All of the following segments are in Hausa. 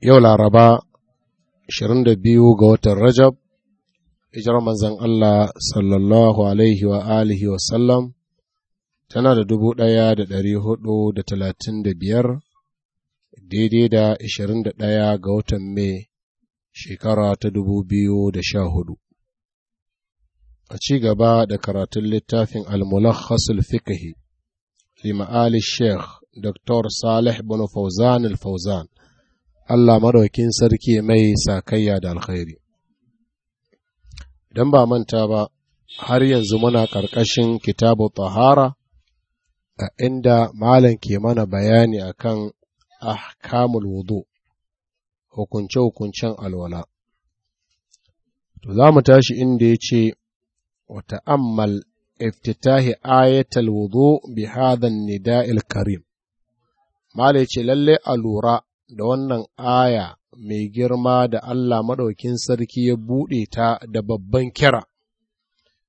yau laraba 22 ga watan rajab hijirar manzan Allah sallallahu alaihi wa alihi wa sallam tana da 1435 daidai da 21 ga watan mai shekara ta 2014 a ci gaba da karatun littafin al-mulakhasul fiqhi li ma'ali sheikh dr salih bin fauzan fauzan Allah maɗaukin sarki mai sakayya da alkhairi. Idan ba manta ba, har yanzu muna ƙarƙashin kitabu tahara a inda malam ke mana bayani akan ahkamul wudu, hukunce-hukuncen alwala. To za mu tashi inda ya ce, wata ammal افتتاح آية الوضوء بهذا النداء الكريم ما ليش للي ألورا da wannan aya mai girma da Allah maɗaukin sarki ya buɗe ta da babban kira,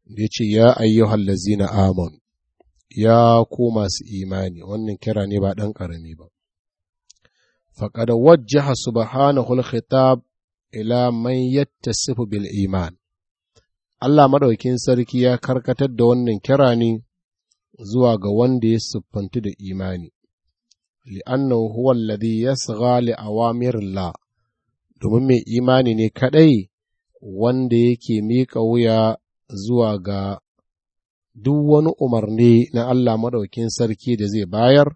da ce, Ya ayyuhallazi na amon, ya ku masu imani, wannan kira ne ba ɗan ƙarami ba. Faƙada wajjaha subhanahul khitab ila man yattasifu bil iman. Allah maɗaukin sarki ya karkatar da wannan kira ne zuwa ga wanda ya siffantu da imani. li'annahu huwa alladhi yasgha li awamirillah domin mai imani ne kadai wanda yake miƙa wuya zuwa ga duk wani umarni na Allah maɗaukin sarki da zai bayar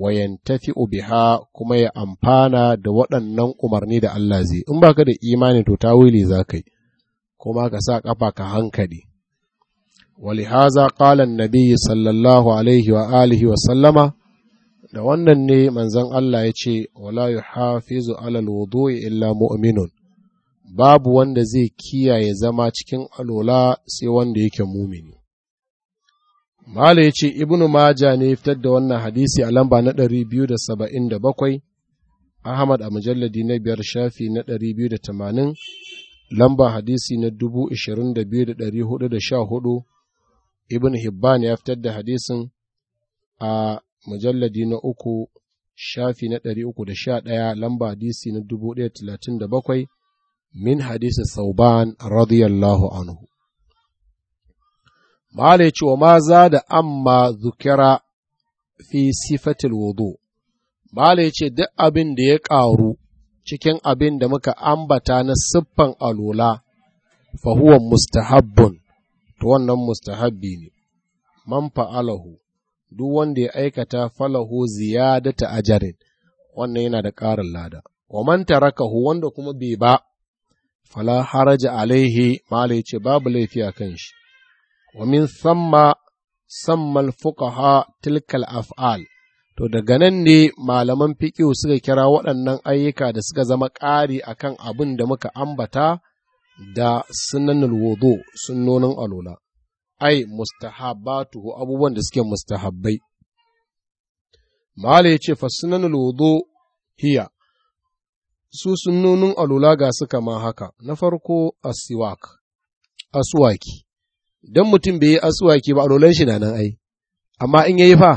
wayan tafi biha kuma ya amfana da waɗannan umarni da Allah zai in baka da imani to tawili za ka yi kuma ka sa ƙafa ka hankali ولهذا قال النبي صلى الله عليه وآله وسلم da wannan ne manzan Allah ya ce wala zuwa alal wudu illa mu'minun babu wanda zai kiyaye zama cikin alola sai wanda yake mumini Mala ya ce Ibnu Maja ne fitar da wannan hadisi a lamba na 277 Ahmad a mujalladi na biyar shafi na 280 lamba hadisi na 22414 Ibn Hibban ya fitar da hadisin a mujalladi na uku shafi na ɗari uku da sha ɗaya lamba hadisi na dubu ɗaya talatin da bakwai min hadisi sauban radiyallahu anhu. Mala ce wa maza da amma zukira fi sifatil wudu. Mala ce duk abin da ya ƙaru cikin abin da muka ambata na siffan alola, fahuwan mustahabbun, to wannan mustahabbi ne, man fa'alahu, duk wanda ya aikata falahu ziyadata ajarin wannan yana da ƙarin lada wa man tarakahu wanda kuma bai ba fala haraja alaihi malai ce babu laifi a kan shi wa min samma sammal fuqaha tilkal af'al to daga nan ne malaman fiqh suka kira waɗannan ayyuka da suka zama ƙari akan abin da muka ambata da sunanul wudu sunnonin alula ai mustahabatuhu abubuwan da suke mustahabbai mala yace fa sunanul wudu hiya su sunnonin alula ga suka ma haka na farko asiwak aswaki dan mutum bai yi aswaki ba alulan shi na nan ai amma in yayi fa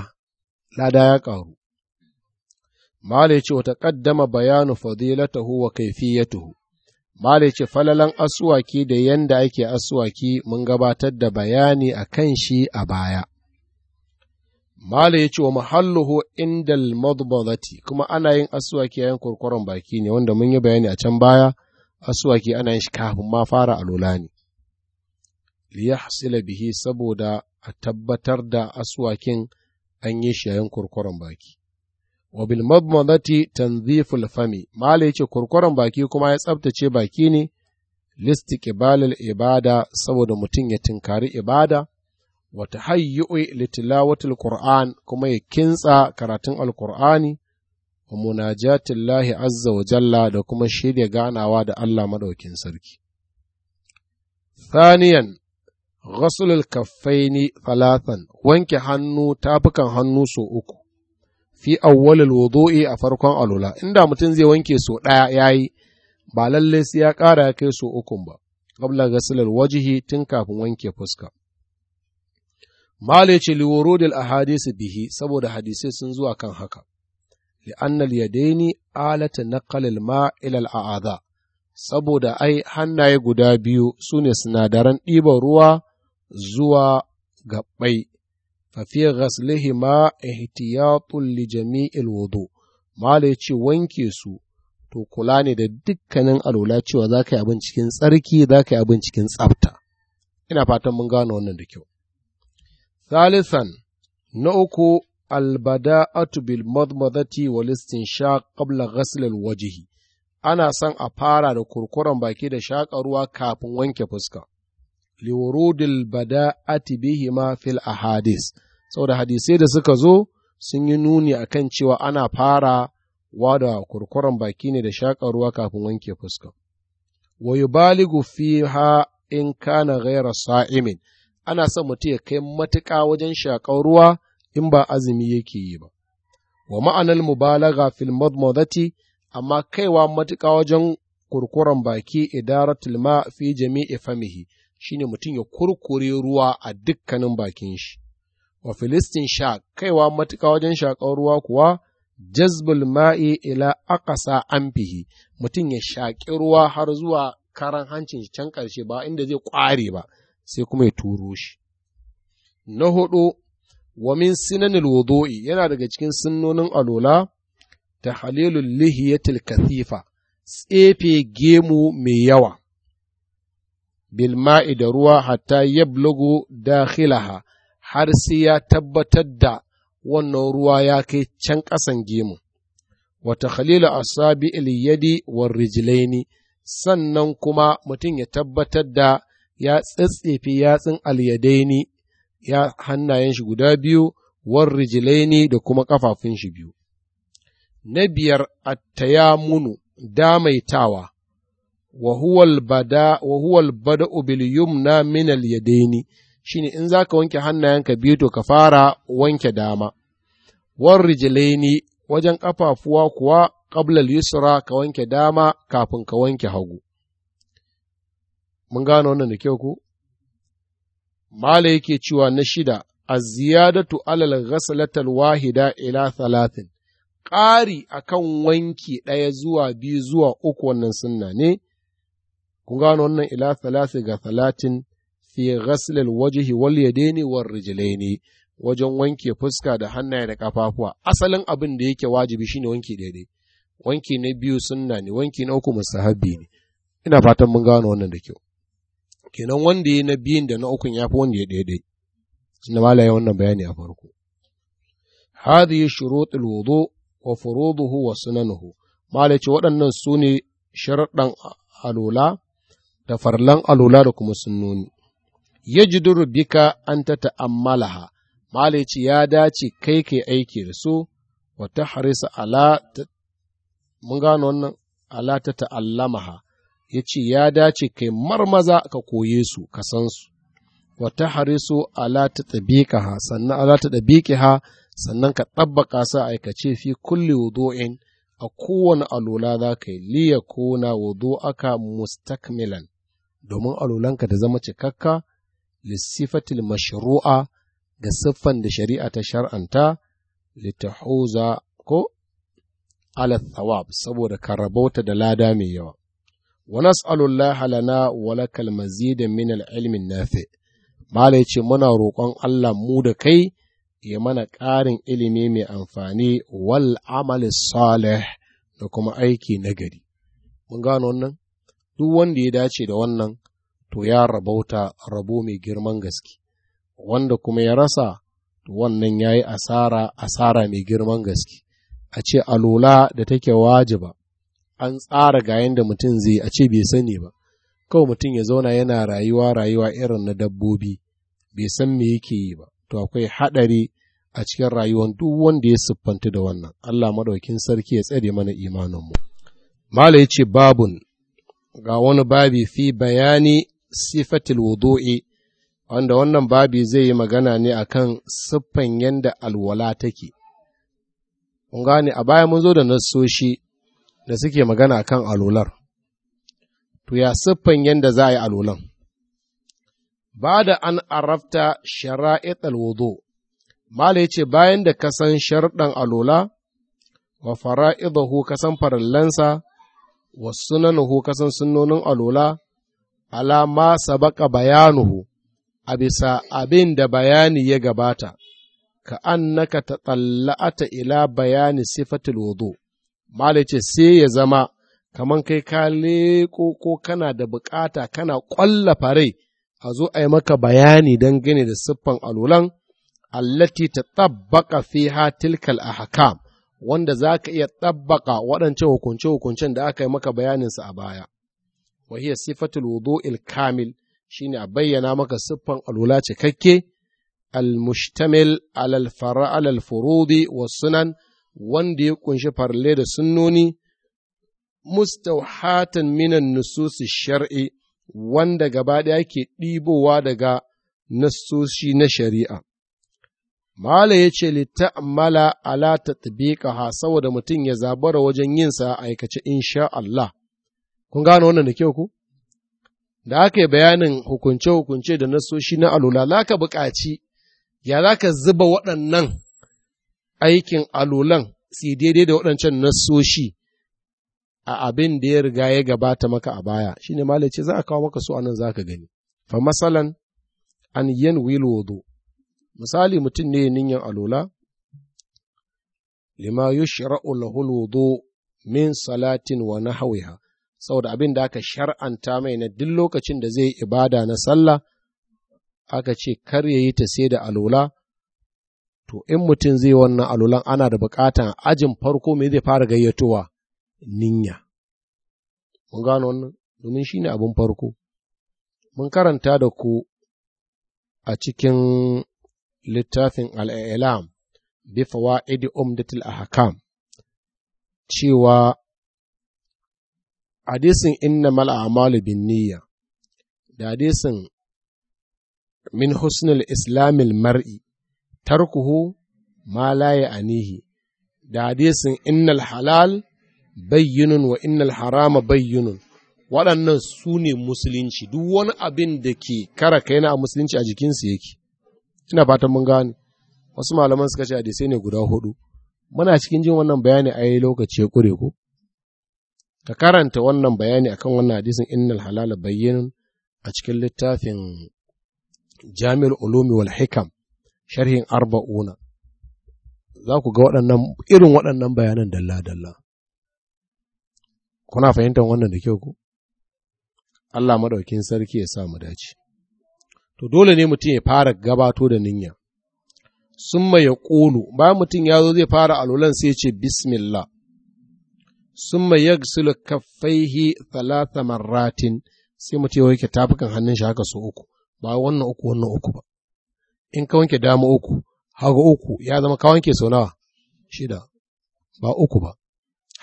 lada ya karu mala yace wa taqaddama bayanu fadilatahu wa kayfiyatuhu Malai ce falalan asuwaki da yanda ake asuwaki mun gabatar da bayani a kan shi a baya. Malai ya ce wa mahalluhu indal madbadati kuma ana yin asuwaki yayin kurkuren baki ne wanda mun yi bayani a can baya asuwaki ana yin shi kafin ma fara alola ne. hasila bihi saboda a tabbatar da asuwakin an yi shi yayin kurkuren baki. wa bil madmadati tanziful fami mala yace kurkuran baki kuma ya tsabtace baki ne al ibada saboda mutum ya tinkari ibada wa tahayyu'i litilawatil qur'an kuma ya kintsa karatun alqur'ani wa llahi azza wa jalla da kuma shirya ganawa da Allah madaukin sarki thaniyan al kaffaini thalathan wanke hannu tafukan hannu so uku fi awwalil wudu'i a farkon alula inda mutum zai wanke so ɗaya yayi ba lalle sai ya ƙara ya kai so uku ba qabla ghasl wajhi tun kafin wanke fuska malaci li wurudil ahadisi bihi saboda hadisai sun zuwa kan haka li annal yadaini alata naqalil ma ila al'adha saboda ai hannaye guda biyu sune sinadaran ɗiban ruwa zuwa gaɓai ففي غسلهما احتياط لجميع الوضوء malai ce wanke su to kula ne da dukkanin alola cewa za ka yi cikin tsarki za ka yi abin cikin tsafta ina fatan mun gano wannan da kyau salisan na uku albada'atu bil madmadati wal istinshaq qabla ghasl al wajhi ana son a fara da kurkuren baki da shaka ruwa kafin wanke fuska liwurudil bada'ati ma fil ahadis saboda hadisai da suka zo sun yi nuni a kan cewa ana fara da kurkuren baki ne da shaƙar ruwa kafin wanke fuska wa fi ha in kana gaira sa'imin ana son mutum ya kai matuƙa wajen shaƙar ruwa in ba azumi yake yi ba wa ma'anar mubalaga fil madmadati amma kaiwa matuƙa wajen kurkuren baki idaratul ma fi jami'i famihi shine mutum ya kurkure ruwa a dukkanin bakin shi wa filistin sha kaiwa matuƙa wajen shaƙar ruwa kuwa jazbul ma'i ila an anfihi mutum ya shaƙi ruwa har zuwa karan hancin shi can ƙarshe ba inda zai ƙware ba sai kuma ya turo shi na hudu wa min sinanil wudu'i yana daga cikin sunnonin alola ta halilul lihiyatil kathifa tsefe gemu mai yawa bil ma'i da ruwa hatta yablugu dakhilaha har sai ya tabbatar da wannan ruwa ya kai can ƙasan gemu. Wata khalilu asabi yadi war rijilaini sannan kuma mutum ya tabbatar da ya tsatsefe yatsun alyadaini ya hannayen shi guda biyu war rijilaini da kuma ƙafafun shi biyu. Na biyar munu damaitawa wa huwal bada'u bil yumna min yadaini Shin in za ka wanke hannayenka biyu to ka fara wanke dama wan rijilaini wajen ƙafafuwa kuwa ƙablal yusra ka wanke dama kafin ka wanke hagu mun gano wannan da kyau ku mala yake cewa na shida a ziyadatu alal ghaslatal wahida ila talatin, ƙari akan wanki ɗaya zuwa biyu zuwa uku wannan sunna ne kun gano wannan ila talatin ga talatin? fi ghasl wajhi wal yadaini war rijlaini wajen wanke fuska da hannaye da kafafuwa asalin abin da yake wajibi shine wanki daidai wanki na biyu sunna ne wanki na uku mustahabbi ne ina fatan mun gano wannan da kyau kenan wanda ya na biyun da na ukun yafi wanda ya daidai na malaye wannan bayani a farko hadhihi shurutul wudu wa furuduhu wa sunanuhu malace waɗannan su ne sharuɗan alula da farlan alula da kuma sunnoni ya bika an ta ta'ammalaha, Malici ya dace kai kai aiki da su, wata harisa ala ta, mun gano wannan ala ta ta'allamaha, ya ce ya dace kai marmaza ka koye su, ka san su, wata harisu ala ta ha, sannan ala ta ha, sannan ka ɗabbaka sa aikace fi kulli wudu'in a kowane alola za ka yi liya kona wudu aka mustakmilan, domin alolanka ta zama cikakka lissifatil mashru'a ga siffan da shari'a ta shar'anta litahuza ko ala thawab saboda ka rabauta da lada mai yawa wa nas'alullaha lana wa lakal mazida min al-ilmi nafi malai ce muna roƙon Allah mu da kai ya mana ƙarin ilimi mai amfani wal amali salih da kuma aiki nagari mun gano wannan duk wanda ya dace da wannan to ya rabauta rabo mai girman gaske, wanda kuma ya rasa, to wannan ya yi asara, asara mai girman gaske. A ce alola da take wajiba, an tsara ga da mutum zai a ce bai sani ba, kawai mutum ya zauna yana rayuwa rayuwa irin na dabbobi, bai san me yake yi ba, to akwai haɗari a cikin rayuwar duk wanda ya siffanta da wannan, Allah maɗaukin sarki ya tsare mana imaninmu. Mala ya ce babun ga wani babi fi bayani sifatil wudu'i wanda wannan babi zai yi magana ne akan siffan yadda alwala take kun gane a baya mun zo da nasoshi da suke magana akan alolar to ya siffan yadda za a yi alolan ba da an arafta shara'it alwudu mala ce bayan da ka san sharɗan alola wa fara'idahu ka san farallansa wa sunanuhu ka san sunnonin alama sabaka bayanuhu a bisa abin da bayani ya gabata, ka annaka ta tsalla'ata ila bayani sifatul wudu, ce sai ya zama kaman kai ka leko ko kana da bukata kana ƙwalla fare a zo a yi maka bayani dangane da siffan alulan allati ta tabbaka fiha tilkal ahkam wanda za ka iya tabbaka waɗancan hukunce-hukuncen da aka yi maka bayaninsa a baya. wa hiya sifatul wudu'il kamil shine a bayyana maka siffan alwala cikakke al-mushtamil alal alal sunan wanda ya ƙunshi farle da sunnoni mustauhatan minan nususi shar'i wanda gaba ɗaya ke ɗibowa daga nassoshi na shari'a. Mala ya ce litta'ammala ala tatbiqaha saboda mutum ya zabara wajen yinsa aikace insha Allah Kun gane wannan da kyau ku? Da aka yi bayanin hukunce-hukunce da nasoshi na alula, za ka buƙaci, ya za ka zuba waɗannan aikin alulan su daidai da waɗancan nasoshi a abin da ya riga ya gabata maka a baya, shi ne ce za a kawo maka su anan za ka gani. Fa masalan an yan wudu misali mutum ne ninyan alula, lima yushra'u lahul wudu min salatin wa nahwiha saboda abin da aka shar'anta mai na duk lokacin da zai ibada na sallah aka ce kar ya yi ta sai da alola to in mutum zai wannan alolan ana da bukatan ajin farko mai zai fara gayyatowa ninya mun gano wannan domin shi ne abin farko mun karanta da ku a cikin littafin al'ilam bi fawa'idi a ahkam cewa hadisin inna mal a'malu bin niyya da hadisin min husnul islamil mar'i tarkuhu ma la ya'nihi da hadisin innal halal bayyinun wa innal harama bayyinun waɗannan su ne musulunci duk wani abin da ke kara kai na musulunci a jikinsu yake ina fatan mun gane wasu malaman suka ce hadisai ne guda hudu muna cikin jin wannan bayani a lokaci ya kure ko ka karanta wannan bayani akan wannan hadisin innal halala bayyin a cikin littafin jami'ul ulumi wal hikam sharhin arba'una za ku ga waɗannan irin waɗannan bayanan dalla-dalla kuna fahimtar wannan da kyau ku Allah madaukin sarki ya sa mu dace to dole ne mutum ya fara gabato da niyya summa ya ƙulu bayan mutum ya zo zai fara alolan sai ya ce bismillah summa yaghsilu kaffaihi thalatha marratin sai mutum ya wanke tafukan hannun shi haka su uku ba wannan uku wannan uku ba in ka wanke dama uku hagu uku ya zama ka wanke sau nawa shida ba uku ba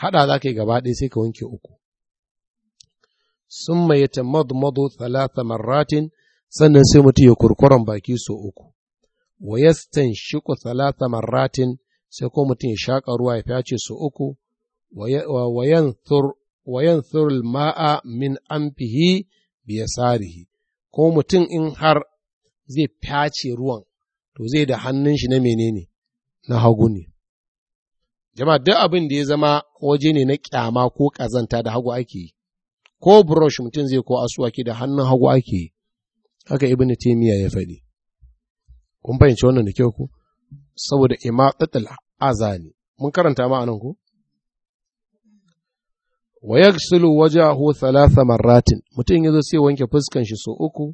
hada za ka yi gaba ɗaya sai ka wanke uku sun mai yata madmado talata marratin sannan sai mutum ya kurkuran baki sau uku wa yastan shiku talata marratin sai ko mutum ya shaƙa ruwa ya fyace sau uku wayanthur ma'a min amfihi biyasarihi ko mutum in har zai face ruwan to zai da hannun shi na menene na hagu ne jama'a duk abin da ya zama waje ne na kyama ko kazanta da hagu ake yi ko brush mutum zai ko asuwaki da hannun hagu ake yi haka ibn taymiya ya faɗi kun fahimci wannan da kyau ku saboda imatatul azani mun karanta ma anan ku wa yaghsilu wajahu thalatha marratin mutum yazo sai wanke fuskan shi so uku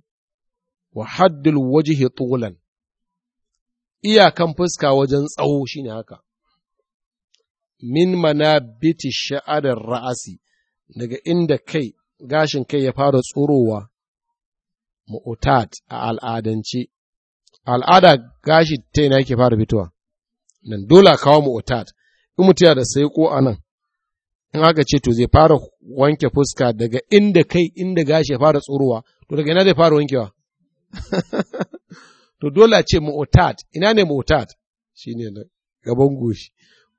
wa haddul wajhi tulan iyakan fuska wajen tsawo shine haka min manabiti sha'adar ra'asi daga inda kai gashin kai ya fara tsorowa mu'utat a al'adance al'ada gashi ta yana yake fara fitowa nan dole kawo mu'utat in mutum da sai ko anan in aka ce to zai fara wanke fuska daga inda kai inda gashi ya fara tsuruwa to daga ina zai fara wankewa to dole a ce mu'tad ina ne mu'tad shine gaban goshi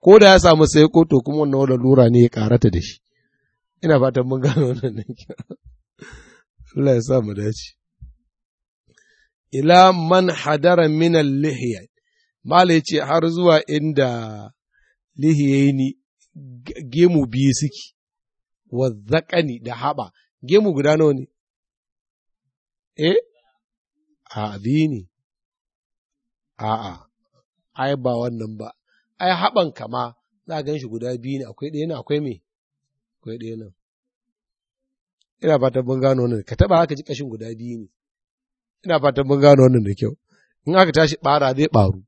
ko da ya samu sai ko to kuma wannan wala lura ne ya karata da shi ina fatan mun gano wannan Allah ya sa mu dace ila man hadara min al-lihya mala yace har zuwa inda lihiyaini gemu biyu suke, wa zaƙani da haɓa, gemu guda nawa ne? Eh? A biyu ne, a'a, ai ba wannan ba, ai haɓan kama za a gan shi guda biyu ne, akwai ɗaya ne, akwai me? Akwai ɗaya nan. Ina fatan mun gano wannan, ka taɓa haka ji ƙashin guda biyu ne. Ina fatan mun gano wannan da kyau, in aka tashi ɓara zai ɓaru.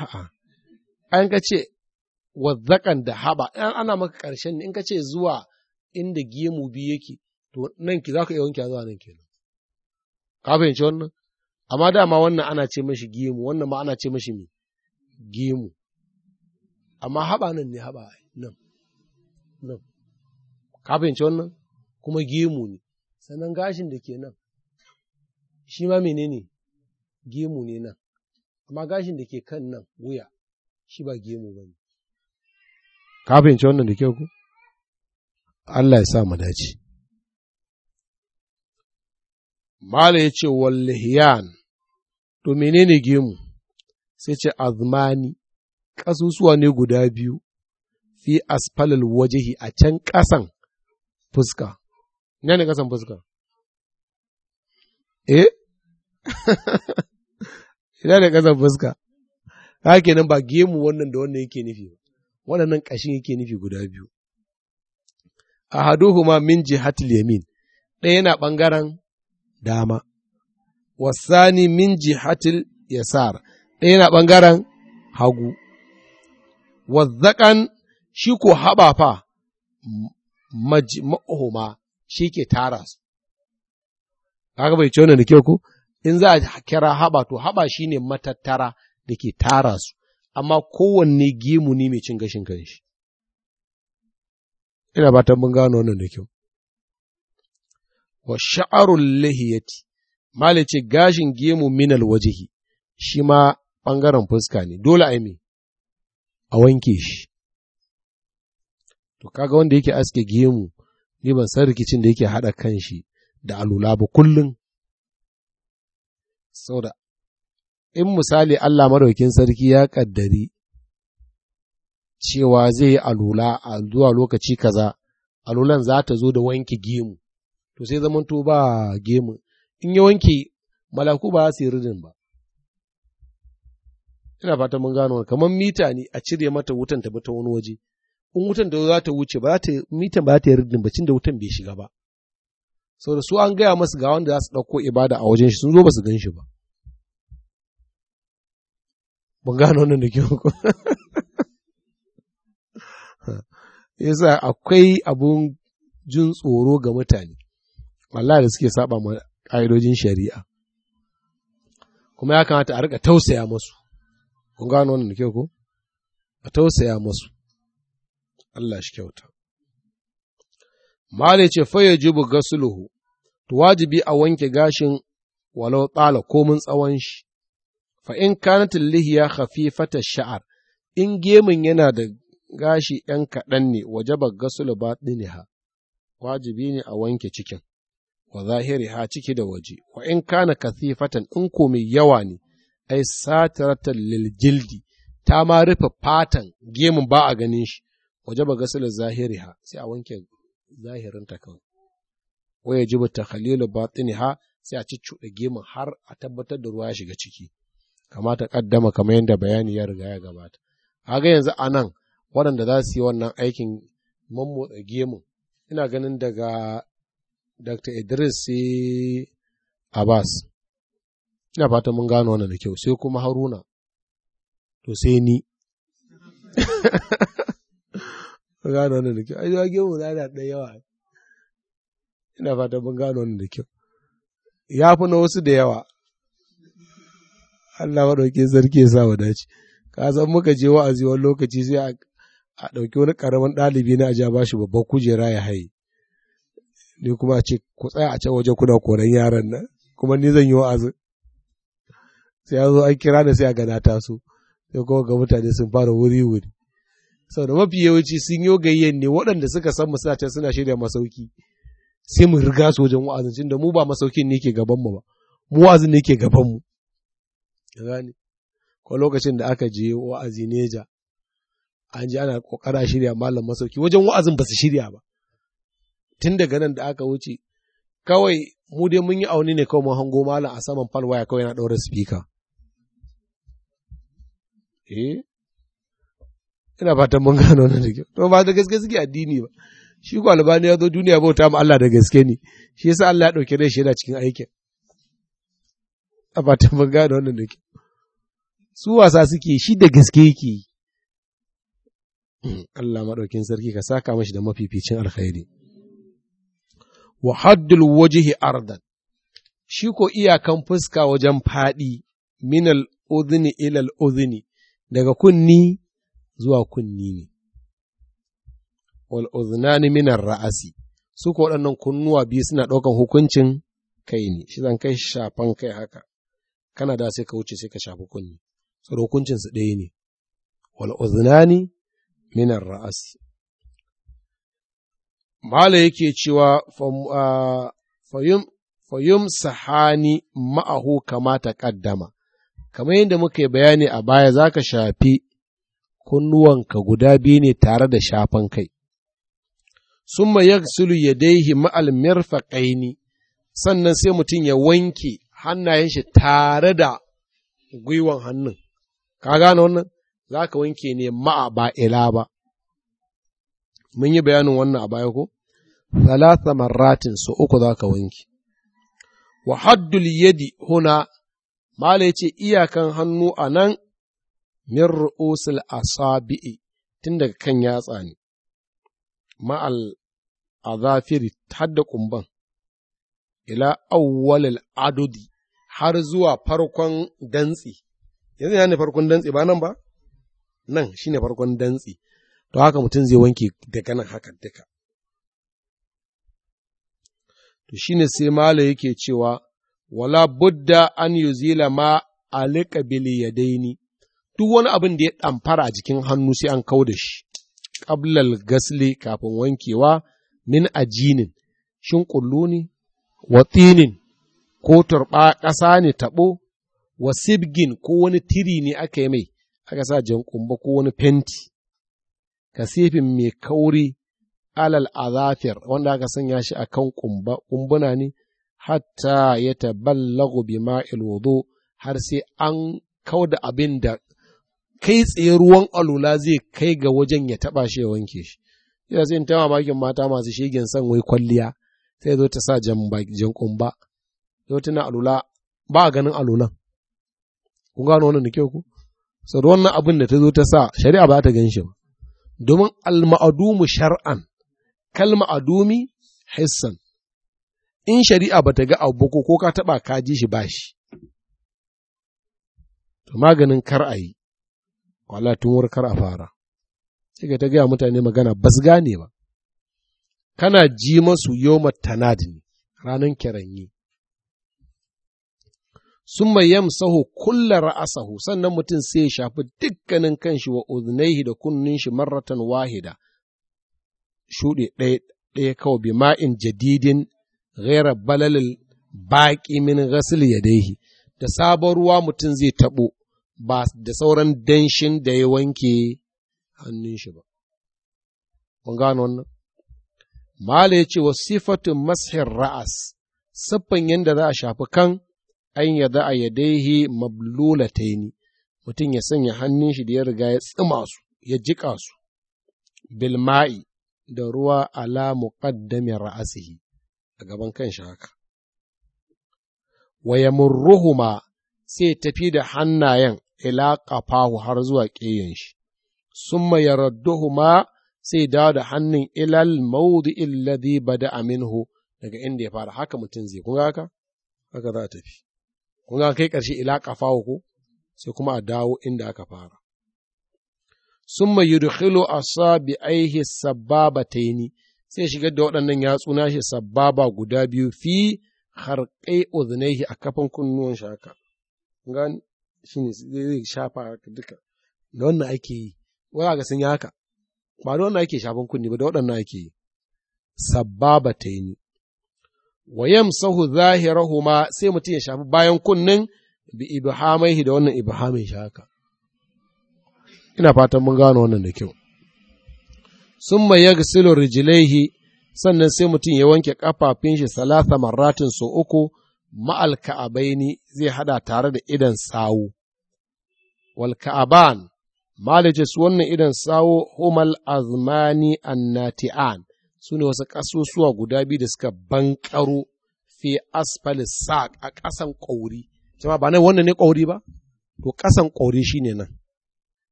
A'a, an ka ce wazzakan da haba, ana maka ƙarshen ne in ka ce zuwa inda gemu biyu yake, to nan ki za ka iya wanke zuwa nan kenan. Ka fahimci wannan? Amma dama wannan ana ce mashi gemu, wannan ma ana ce mashi me? Gemu. Amma haba nan ne haba nan, nan. Ka fahimci wannan? Kuma gemu ne, sannan gashin da ke nan, shi ma menene? Gemu ne nan. amma gashin da ke kan nan wuya shi ba gemu ba ne. Ka ce wannan da ke ku? Allah ya sa mu dace. Mala ya ce wallahiyan, to menene gemu? Sai ce azmani, ƙasusuwa ne guda biyu, fi asfalal wajihi a can ƙasan fuska. Nya ne ƙasan fuska? Eh? ina da ƙasar fuska haka kenan ba gemu wannan da wannan yake nufi ba waɗannan ƙashin yake nufi guda biyu A ahaduhuma min hatil yamin ɗaya yana ɓangaren dama wasani min ya yasar ɗaya yana ɓangaren hagu wazzaƙan shi ko haɓa fa majma'uhuma shi ke tara su kaga bai ce da kyau ku. in za a kira haɓa to haɓa shine matattara da ke tara su amma kowanne gemu ne mai cin gashin kanshi ina ba mun gano wannan da kyau wa sha'arun lahiyati mala ce gashin gemu minal wajihi shi ma ɓangaren fuska ne dole a a wanke shi to kaga wanda yake aske gemu ni ban san rikicin da yake haɗa kanshi da alula ba kullum da in misali Allah maraukin sarki ya kaddari cewa zai yi alula a zuwa lokaci kaza alulan za ta zo da wanke gemu to sai zaman to ba gemu in yi wanke malaku ba su yi ridin ba ina fata mun gano kamar mita ne a cire mata wutan ta ta wani waje in wutan da za ta wuce ba za ta mitan ba za ta yi ridin ba cin da wutan bai shiga ba da su an gaya masu ga wanda za su ɗauko ibada a wajen shi sun zo ba su gan shi ba ban gano wannan da kyau ko yasa akwai abun jin tsoro ga mutane Allah da suke saba ma ƙa'idojin shari'a kuma ya kamata a rika tausaya masu ban gano wannan da kyau ko a tausaya masu Allah shi kyauta Mala ce faye jibu gasuluhu, to wajibi a wanke gashin walau tsala mun tsawon shi, fa in kanatin lihiya khafifata sha'ar, in gemin yana da gashi ’yan kaɗan ne waje ba gasulu ba ha, wajibi ne a wanke cikin, wa zahiri ha ciki da waje, wa in kana kathifatan in ko mai yawa ne, ai satiratan lil jildi, ta ma rufe fatan gemin ba a ganin shi, Waje ba gasulu zahiri ha, sai a wanke zahirinta kan waya jibu ta khalilu ha sai a da gemun har a tabbatar da ruwa ya shiga ciki kamata kaddama kamar yadda bayani ya riga ya gabata kaga yanzu a nan waɗanda za su yi wannan aikin mammotsa gemun ina ganin daga dr idris sai abbas ina fata mun gano wannan da kyau sai kuma haruna to sai ni Ka gano wannan da kyau. Ai, ya gemu na ɗan yawa. Ina fata mun gano wannan da kyau. Ya fi na wasu da yawa. Allah maɗauki sarki ya sa wa dace. Ka san muka je wa'azi wani lokaci sai a ɗauki wani ƙaramin ɗalibi na aja ba shi babban kujera ya haye. Ni kuma a ce ku tsaya a can waje kuna koran yaran nan. Kuma ni zan yi wa'azin. Sai ya zo an kira ni sai a gana taso. Sai kuma ga mutane sun fara wuri wuri. sau da mafi yawanci sun yi gayyen ne waɗanda suka san mu suna suna shirya masauki sai mu riga su wajen wa'azin da mu ba masaukin ne ke gaban mu ba mu wa'azin ne ke gaban mu gani ko lokacin da aka je wa'azi neja an ji ana kokara shirya malam masauki wajen wa'azin ba su shirya ba tun daga nan da aka wuce kawai mu dai mun yi auni ne kawai mun hango malam a saman falwaya kawai yana ɗaurin speaker eh ina fatan mun gano nan da kyau to ba da gaske suke addini ba shi ko albani ya zo duniya bauta ma Allah da gaske ne shi yasa Allah ya dauke ne shi yana cikin aikin a fatan mun gano nan da kyau su wasa suke shi da gaske yake Allah madaukin sarki ka saka mashi da mafificin alkhairi. Wa haddul wajhi ardan, shi ko iyakan fuska wajen faɗi minal ila ilal udhni daga kunni zuwa kunni ne. Wal'uzinani minar ra'asi, su ko waɗannan kunnuwa biyu suna ɗaukan hukuncin kai ne, shi zan kai shafan kai haka, kana da sai ka wuce sai ka shafi kunni, tsoro hukuncinsu ɗaya ne. Wal'uzinani minar ra'asi. Mala yake cewa fayum sahani ma'ahu kamata ƙaddama, kamar yadda muka yi bayani a baya za ka shafi kunnuwanka guda biyu ne tare da shafan kai. Summa ya daihi ma'al ƙaini, sannan sai mutum ya wanke hannayen shi tare da gwiwan hannun. Ka gane wannan? Za ka wanke ne ma'a ba ila ba. Mun yi bayanin wannan a baya ko? Salasa marratin su uku za ka wanke. Wa haddul yadi huna, Mala ce iyakan hannu a nan min ru'usul asabi'i tun daga kan yatsa ne ma'al azafiri har da kumban ila awwalil adudi har zuwa farkon dantsi yanzu yana farkon dantsi ba nan ba nan shine farkon dantsi to haka mutum zai wanke daga nan haka duka to shine sai mala yake cewa wala budda an yuzila ma alika bil yadaini duk wani abin da ya ɗamfara a jikin hannu sai an kau da shi, ƙablal gasle kafin wankewa min ajinin, shin ƙullu ne, watsinin, ko turɓa ƙasa ne taɓo, wa sibgin ko wani tiri ne aka yi mai, aka sa jan ƙumba ko wani fenti, kasifin mai kauri alal azafir wanda aka sanya shi akan kan kumbuna ne, hatta ya taballagu bi ma'il wudu har sai an kau da abin da kai tsaye ruwan alula zai kai ga wajen ya taɓa shi ya wanke shi ya sai ta mamakin mata masu shegen san wai kwalliya sai zo ta sa jan kumba zo tana alula ba a ganin alulan kun gano wannan da kyau ku sau da wannan abin da ta zo ta sa shari'a ba ta gan shi ba domin alma'adumu shar'an kalmaadumi adumi hissan in shari'a ba ta ga abu ko ka taɓa ka ji shi ba shi to maganin kar a yi wala tun warkar a fara sai ta gaya mutane magana ba su gane ba kana ji masu yoma tanadin ne ranar kiranyi sun mai yamsahu kulla ra'asahu sannan mutum sai ya shafi dukkanin kanshi wa uznaihi da kunnin shi marratan wahida shuɗe ɗaya ɗaya kawai bi ma'in jadidin ghaira balalil baƙi min ghasil yadaihi da sabon ruwa mutum zai taɓo ba da sauran danshin da ya wanke hannun shi ba. Kun gano wannan? Mala ya ce wa sifatu mashin ra'as, siffan yadda za a shafi kan an ya za a yadaihi ni, mutum ya sanya hannun shi da ya riga ya tsima su, ya jiƙa su, bilma'i da ruwa ala muqaddamin ra'asihi a gaban kan shi haka. Wa ma sai tafi da hannayen ila ƙafahu har zuwa ƙeyen shi, sun yaradduhu ma sai dawo da hannun ilal maudu illadhi bada aminhu daga inda ya fara haka mutum zai kun haka haka za a tafi kun ga kai ƙarshe ila kafahu ko sai kuma a dawo inda aka fara summa yudkhilu asabi'aihi sababataini sai shigar da waɗannan yatsu na shi sababa guda biyu fi harƙai uzunaihi a kafan kunnuwan shaka. Gani? shine zai shafa ka duka da wannan ake yi wala ga sun yi haka ba da wannan ake shafan kunni ba da waɗannan ake yi sababa ta yi wa yamsahu zahirahuma sai mutum ya shafi bayan kunnin bi ibhamaihi da wannan ibhamin shi haka ina fatan mun gano wannan da kyau summa yaghsilu rijlaihi sannan sai mutum ya wanke kafafin shi salasa maratin so uku ma'al ka'abaini zai hada tare da idan sawu wal ka'aban malaje su wannan idan sawo humal azmani annati'an su ne wasu ƙasusuwa guda biyu da suka bankaro fi asfali saq a ƙasan ƙauri jama'a ba nan wannan ne ƙauri ba to ƙasan ƙauri shine nan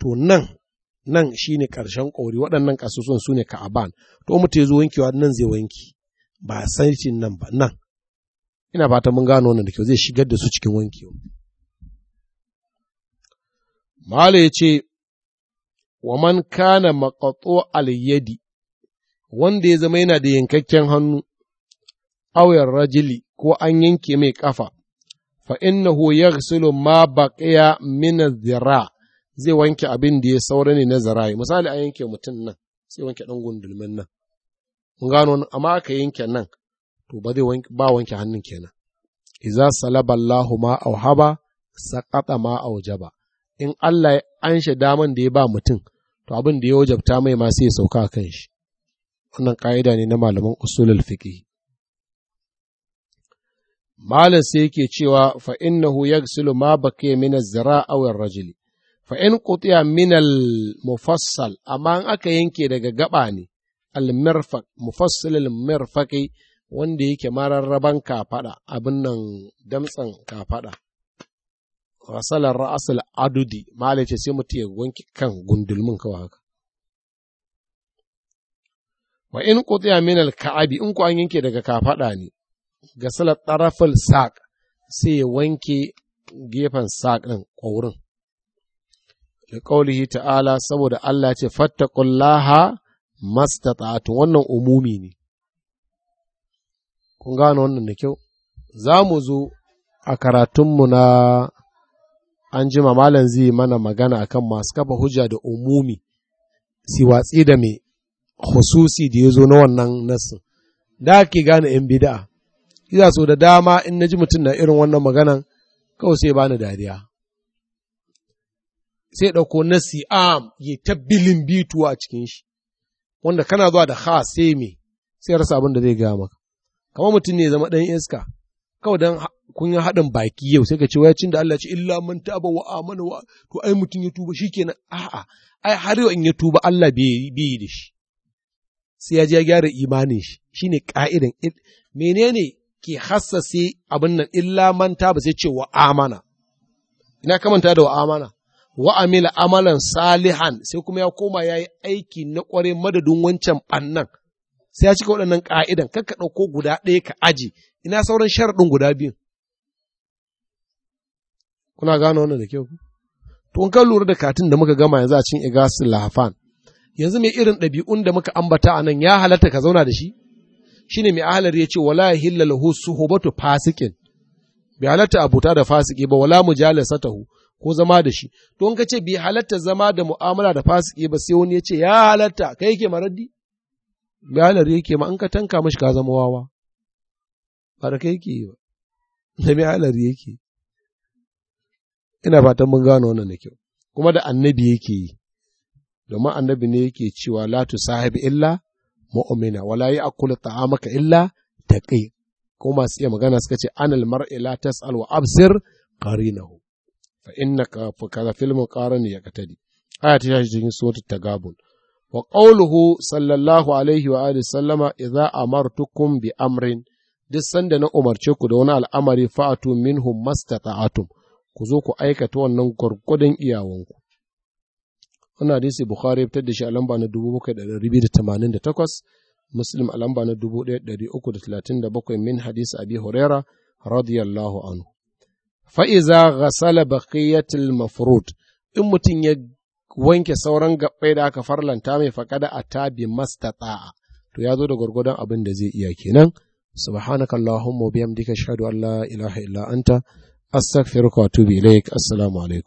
to nan nan shine ƙarshen ƙauri waɗannan ƙasusuwan su ne ka'aban to mutum ya zo wankewa nan zai wanki ba san nan ba nan ina fata mun gano wannan da kyau zai shigar da su cikin wankewa Mala ya ce, wa man kana makatso al wanda ya zama yana da yankakken hannu, auyar rajili ko an yanke mai kafa? fa innahu yaghsilu ma baƙiya mina zira zai wanke abin da ya saura ne na zira'i. Misali an yanke mutum nan, sai wanke ɗan gundulmin nan. Mun gano amma aka yanke nan, to ba zai ba wanke hannun kenan. Iza salaballahu ma auhaba, saƙaɗa ma aujaba. in Allah ya anshe daman da ya ba mutum to abin da ya wajabta mai ma sai ya sauka kan shi wannan ƙa'ida ne na malaman usulul fiqh malam sai yake cewa fa innahu yagsilu ma baqiya min az-zira' aw ar-rajuli fa in qutiya min al-mufassal amma an aka yanke daga gaba ne al-mirfaq mufassal al-mirfaqi wanda yake mararraban kafada abin nan damtsan kafada rasalar ra'asul adudi malice sai mutum ya wanke kan gundulmin kawai haka wa in qutiya min al ka'abi in ku an yanke daga kafaɗa ne ga salat tarafal saq sai ya wanke gefen saq din kaurin da qaulihi ta'ala saboda Allah ce fattaqullaha mastata'atu wannan umumi ne kun gano wannan da kyau za mu zo a karatunmu na an jima malam zai mana magana akan masu kafa hujja da umumi si watsi da mai hususi da ya zo na wannan nassin da ke gane yan bida'a ya so da dama in na ji mutum na irin wannan maganan kawai sai bani dariya sai ɗauko nasi am ya tabbilin bituwa a cikin shi wanda kana zuwa da ha sai me sai rasa abin da zai gaya maka kamar mutum ne zama ɗan iska kawai dan kun yi haɗin baki yau sai ka ce wayacin da Allah ce illa man taba wa amana wa to ai mutum ya tuba shikenan a'a ai har yau in ya tuba Allah bai yi da shi sai ya je ya gyara imanin shi shine ka'idan menene ke hassase abin nan illa man taba sai ce wa amana ina kamanta da wa amana wa amila amalan salihan sai kuma ya koma ya yi aiki na ƙware madadin wancan bannan. sai ya cika waɗannan ƙa'idan kakka ɗauko guda ɗaya ka aji ina sauran sharaɗin guda biyun kuna gano wannan da kyau to in ka lura da katin da muka gama yanzu a cin igasul lahafan yanzu mai irin ɗabi'un da muka ambata a nan ya halatta ka zauna da shi ne mai ahalar ya ce wala ya yahilla lahu suhbatu fasikin bai halatta abuta da fasiki ba wala mu satahu ko zama da shi to in ka ce bai halatta zama da mu'amala da fasiki ba sai wani ya ce ya halatta kai ke maraddi bai halar yake ma in ka tanka mashi ka zama wawa ba da kai ke yi ba da mai alari yake ina fatan mun gano wannan da kyau kuma da annabi yake yi domin annabi ne yake cewa latu sahibi illa mu'mina wala ya'kulu ta'amaka illa taqi kuma masu iya magana suka ce anal mar'i la tas'al wa absir qarinahu fa innaka fa kaza fil muqarani yaqtadi aya ta shi cikin suratul tagabun wa qawluhu sallallahu alaihi wa alihi sallama idza amartukum bi amrin duk sanda na umarce ku da wani al'amari fa'atu minhum mastata'atum ku zo ku aikata wannan gwargwadon iyawanku wannan hadisi bukhari ya fitar da shi a lamba na 7288 muslim a lamba na 1337 min hadisi abi huraira radiyallahu anhu fa'iza ghasala baqiyatul mafrud in mutum ya wanke sauran gabbai da aka farlanta mai faƙada a tabi mastata'a to ya zo da gwargwadon abin da zai iya kenan subhanaka allahumma biyamdika ashhadu an la ilaha illa anta astaghfiruka wa atubu ilaik assalamu alaikum